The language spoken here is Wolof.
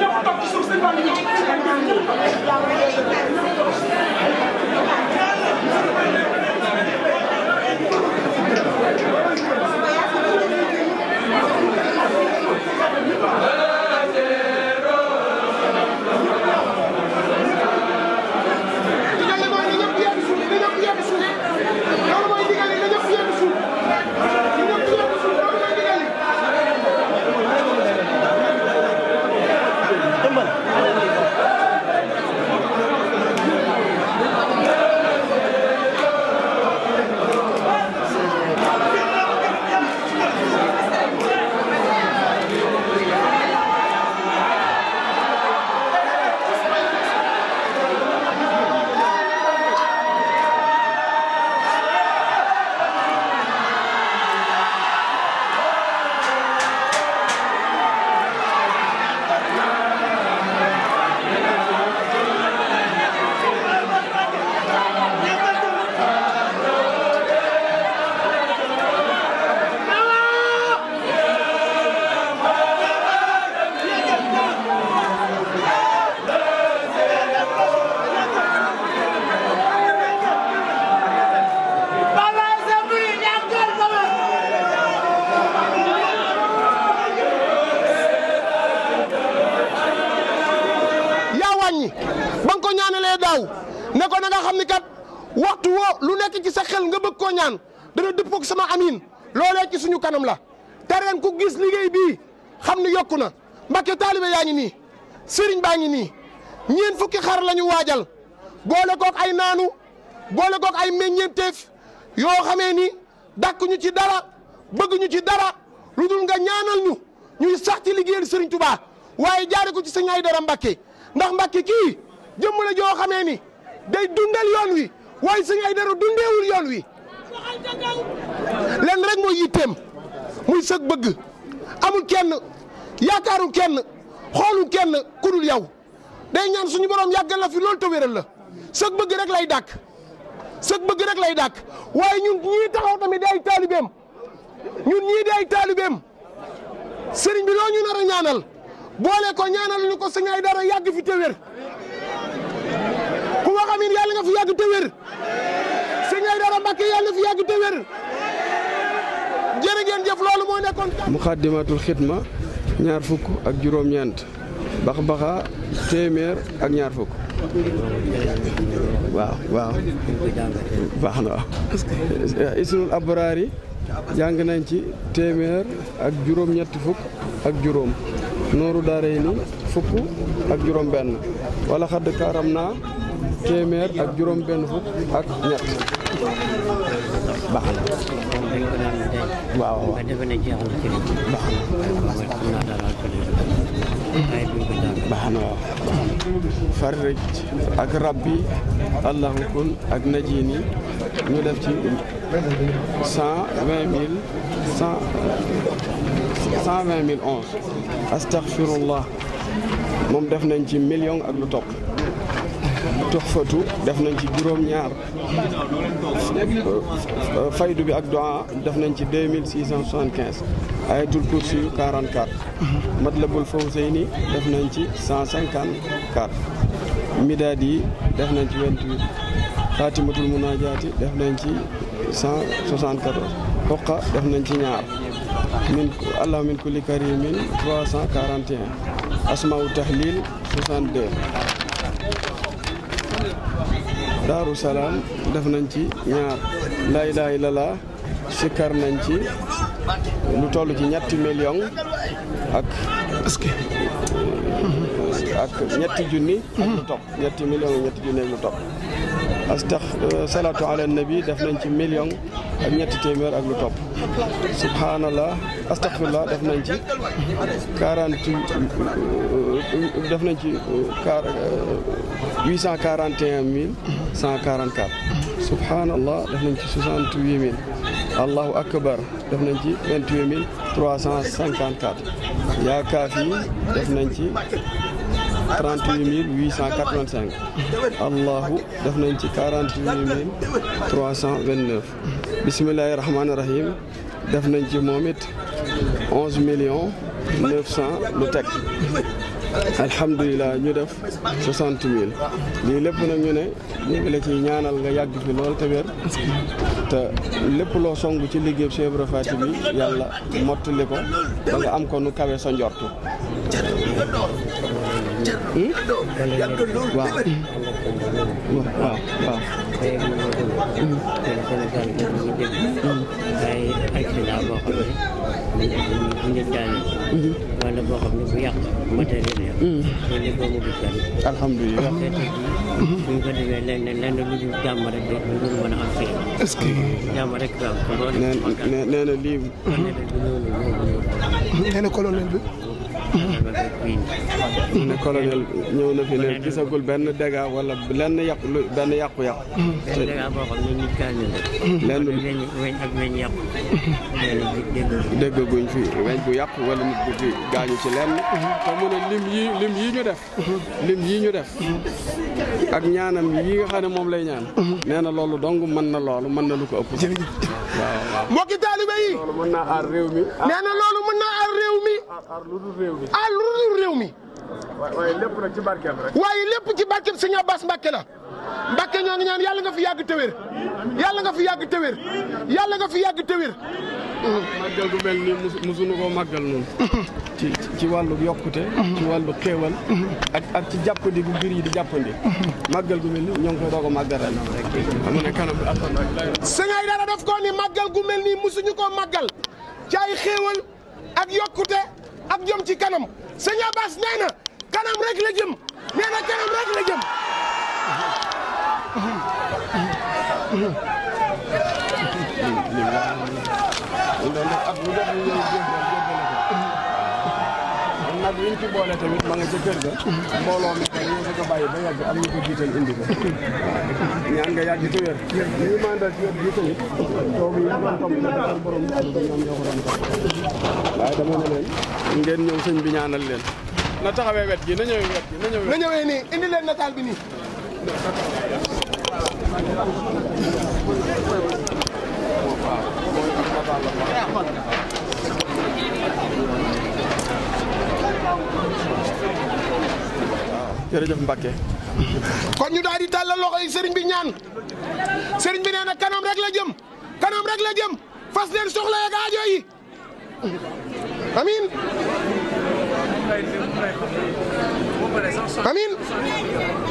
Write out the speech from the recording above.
ñëpp toog ci suuf sëñ Fallou ñëpp ne ko na nga xam ni kat waxtu woo lu nekk ci sa xel nga bëgg koo ñaan dana dëppoog sama amiin loolee ci suñu kanam la te ren ku gis liggéey bii xam ni yokku na Mbàkke taalibe yaa ngi nii sëriñ baa ngi nii ñeen fukki xar la ñu waajal boole kook ay naanu boole kook ay meññeenteef yoo xamee ni dàkk ci dara bëgg ci dara lu dul nga ñaanal ñu ñuy sax ci liggéeyal sëriñ Tuubaa waaye jaare ko ci sëñ Aydara Mbàkke ndax Mbàkke kii jëmm la joo day dundal yoon wi waaye sëñ Aydara dundeewul yoon wi leen rek mooy yitteem muy sëg bëgg amul kenn yaakaarul kenn xoolul kenn ku dul day ñaan suñu borom yàggal la fi loolu te la sëg bëgg rek lay dàkk sëg bëgg rek lay dàkk waaye ñun ñii taxaw tamit day taalibeem ñun ñii day taalibeem sëriñ bi loo ñu nar a ñaanal boole ko ñaanal ñu ko sëñ Aydara yàgg fi te fi yàgg te wér sëñ Aydara Mbàkke yàlla na fi yàgg te wér jëf loolu moo nekkoon. Muxaddamatul Xidma ñaar fukk ak juróom-ñeent bax baxa téeméer ak ñaar fukk. waaw waaw baax na waaw isnul jàng nañ ci téeméer ak juróom ñetti fukk ak juróom nooru daara ni fukk ak juróom benn wala xadd karam naa تيمير اك جوروم بن فوك اك نيت باخنا واو واو دا فنا جيخو سي ري باخنا باخنا فرج اك ربي الله نكون اك نجيني نو داف سي 120000 120000 11 استغفر الله موم داف نانجي مليون اك لو توك toxfatu def nañ ci juróom-ñaar euh, euh, faydu bi ak doa def nañ ci deux mille six cent soixante quinze ayatul kursi yu quarante quatre mhm. matlabul fawseyni def nañ ci cent cinquante quatre yi def nañ ci vingt huit xaatimatul munaajaati def nañ ci cent soixante def nañ ci ñaar min allah min kulli karimin trois cent quarante et un asmau daaru salaam def nañ ci ñaar lay laay lala sikkar nañ ci lu toll ci ñetti miliyoŋ ak ak ñetti junni ak lu topp ñetti million ñetti junni ak lu topp astax euh, salaatu ala nabi def nañ ci million ak ñetti téeméer ak lu topp subhanallah astaxfirullah def nañ ci quarante euh, def nañ ci euh, huit cent quarante et un mille cent quarante quatre subhanallah def nañ ci soixante huit mille allahu akbar def nañ ci vingt huit mille trois cent cinquante quatre yaa kaafi def nañ ci 38 885 allahu def nañ ci 48 329 bisimilahi rahmaani rahim def nañ ci moom it 11 millions 900 lu teg alhamdulilah ñu def 60 000 lii lépp nag ñu ne ñu ngi la ciy ñaanal nga yàgg fi lool te wér te lépp loo song ci liggéey Cheikh Ibra Faty bi yàlla mottali ko ba nga am ko nu kawe sa njortu yàgg lool waaw waaw waaw. Sénégal ñu ngi dégg ay accident boo xam ne nit daane wala boo xam ne bu yàq matériel ya loolu lépp boo ko gis alhamdulilah buñ ko defee lenn lenn lu dul jàmm rek de lu mën a am fii est-ce que jàmm rek du am nee na lii nee na ko loolu leen bi mu ne colonel ñëw na fi ne gisagul benn dégât wala lenn yàqu benn yàqu-yàqu. benn dégât boo xam ne nit kaal na lenn déggaguñ fi weñ bu yàqu wala nit bu fi gaañu ci lenn. te mu ne lim yi lim yi ñu def. yi ñu def. ak ñaanam yi nga xam moom lay ñaan. nee na loolu dong mën na loolu mën na lu ko ëpp. jërëjëf waaw waaw. taalibe yi. loolu mën na loolu aar lu réew mi. aar lu dul lépp nag ci barkeem rek. waaye lépp ci barkeem sëñ Abbas Mbacke la Mbacke ñaan yàlla nga fi yàgg tëwër yàlla nga fi yàgg tëwër yàlla nga fi yàgg tëwër. màggal gu mel nii musuñu koo màggal noonu. ci ci wàllu yokkute. ci wàllu xéewal. ak ak ci jàppandi gu biir yi di jàppandi. màggal gu mel doog a màggal ren. xam nga ne kanam bi alhamdulilah. sëñ Aïdara daf koo ni màggal gu mel nii musuñu koo màggal ak yokkute ak jëm ci kanam sëñ a nee na kanam rek la jëm nee kanam rek la jëm. nag kan? kan? ini ci boole tamit ma nga ca kër ga mbooloo mi ko ñoo ko bàyyi ba yàgg am ñu ko jiital indi ko ñaan nga yàgg ci wér ñu mandal ci wér bi tamit toog yi doon tam borom daal ba ñoom ko doon dama ne ngeen bi ñaanal na gi na gi na na indi bi jërëjëf Mbacke. kon ñu daal di tàllal loxo sëriñ bi ñaan sëriñ bi nee na kanam rek la jëm kanam rek la jëm fas leen soxla yeeg aajo yi amin amin